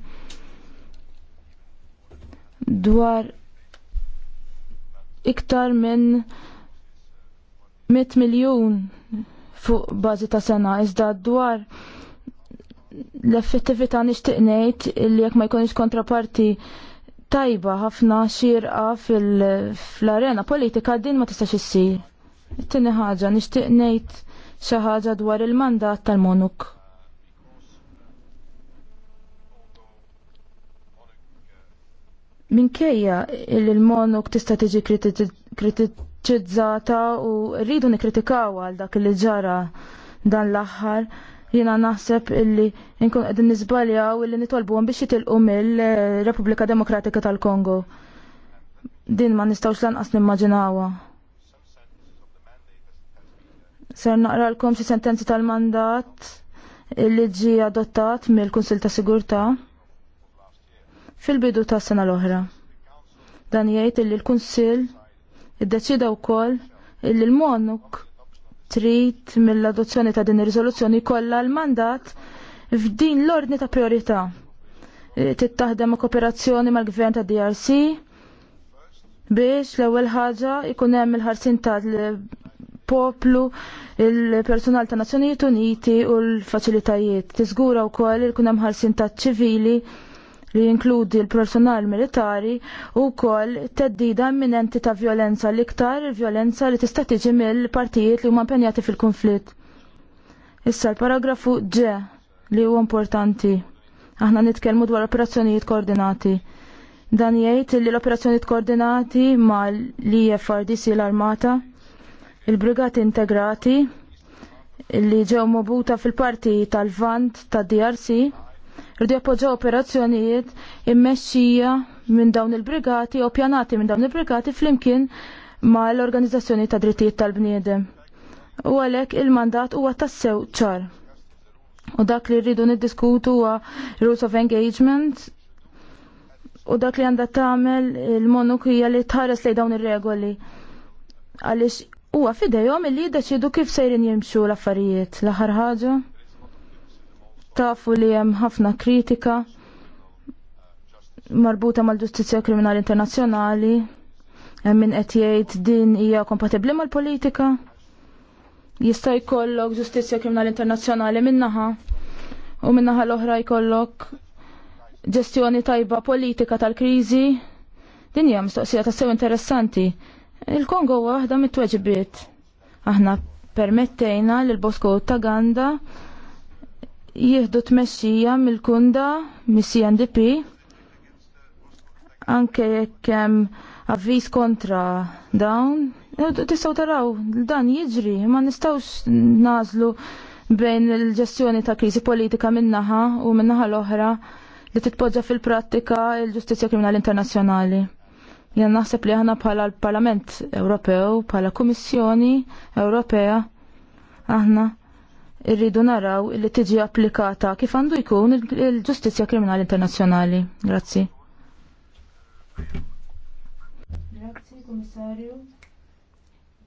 dwar iktar minn 100 miljun fuq bażi ta' sena iżda dwar l-effettività nixtieq ngħid li jekk ma jkunx kontraparti tajba ħafna xirqa fil-arena politika din ma tistax issir. Tini ħaġa nixtieq ngħid xi ħaġa dwar il-mandat tal-Monuk. Minkejja il-Monuk tista' tiġi kritiċizzata u rridu nikkritikaw għal dak li ġara dan l-aħħar Jina naħseb illi nkun qegħdin niżbaljaw illi nitolbuhom biex jitilqu mill-Repubblika Demokratika tal-Kongo. Din ma nistgħux lanqas nimmaġinawha. Ser lkom xi sentenzi tal-mandat illi ġi adottat mill-Kunsil ta' Sigurtà fil-bidu ta' sena l-oħra. Dan jgħid illi l-Kunsil iddeċida wkoll illi l-Monuk trid mill-adozzjoni ta' din ir-riżoluzzjoni kollha l-mandat f'din l-ordni ta' priorità. E, Tittaħdem kooperazzjoni mal-gvern ta' DRC biex l-ewwel ħaġa ikun hemm il-ħarsin poplu il-personal ta' Nazzjonijiet Uniti u l-faċilitajiet. Tiżgura wkoll jkun hemm ħarsin ta' ċivili li jinkludi l-personal militari u kol teddida imminenti ta' violenza l-iktar violenza li tista' tiġi mill-partijiet li huma impenjati fil-konflitt. Issa l-paragrafu ġe li huwa importanti. Aħna nitkellmu dwar operazzjonijiet koordinati. Dan jgħid li l-operazzjonijiet koordinati ma' l-IFRDC l-Armata, il-Brigati Integrati, li ġew mobuta fil-parti tal-Vant tad-DRC, Rridu jappoġġaw operazzjonijiet immexxija minn dawn il-brigati u pjanati minn dawn il-brigati flimkien ma l-organizzazzjoni ta' drittijiet tal-bniedem. U għalhekk il-mandat huwa tassew ċar. U dak li rridu niddiskutu huwa rules of engagement u dak li għandha tagħmel il-monuk hija li tħares lejn dawn ir-regoli. Għaliex huwa fidejhom li jiddeċidu kif sejrin jimxu l-affarijiet. L-aħħar ħaġa Tafu li hemm ħafna kritika marbuta mal-ġustizzja kriminali internazzjonali, hemm min qed jgħid din hija kompatibbli mal-politika. Jista' jkollok ġustizzja kriminali internazzjonali minnaħa u minnaħa l-oħra jkollok ġestjoni tajba politika tal-kriżi. Din hija mistoqsija ta' sew interessanti. Il-Kongo waħda mit-tweġibiet. Aħna permettejna lil Bosko ta' Ganda jieħdu tmexxija mill-kunda mis-CNDP anke jekk hemm avviż kontra dawn. Tistgħu taraw dan jiġri, ma nistgħux nażlu bejn il-ġestjoni ta' kriżi politika minnaħa u minnaħa l-oħra li titpoġġa fil-prattika il-ġustizzja kriminali internazzjonali. Jien naħseb li aħna bħala l-Parlament Ewropew, bħala Kummissjoni Ewropea, aħna irridu naraw li tiġi applikata kif għandu jkun il-ġustizja kriminali internazzjonali. Grazzi. Grazzi, Komissarju.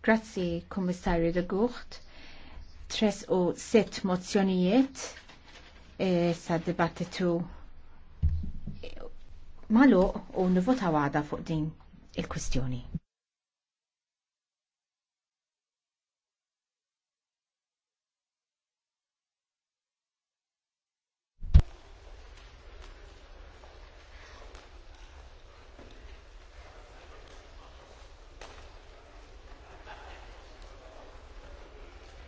Grazzi, Komissarju de Gucht. Tres u set mozzjonijiet e, sa dibattitu malu u nivota għada fuq din il-kwistjoni.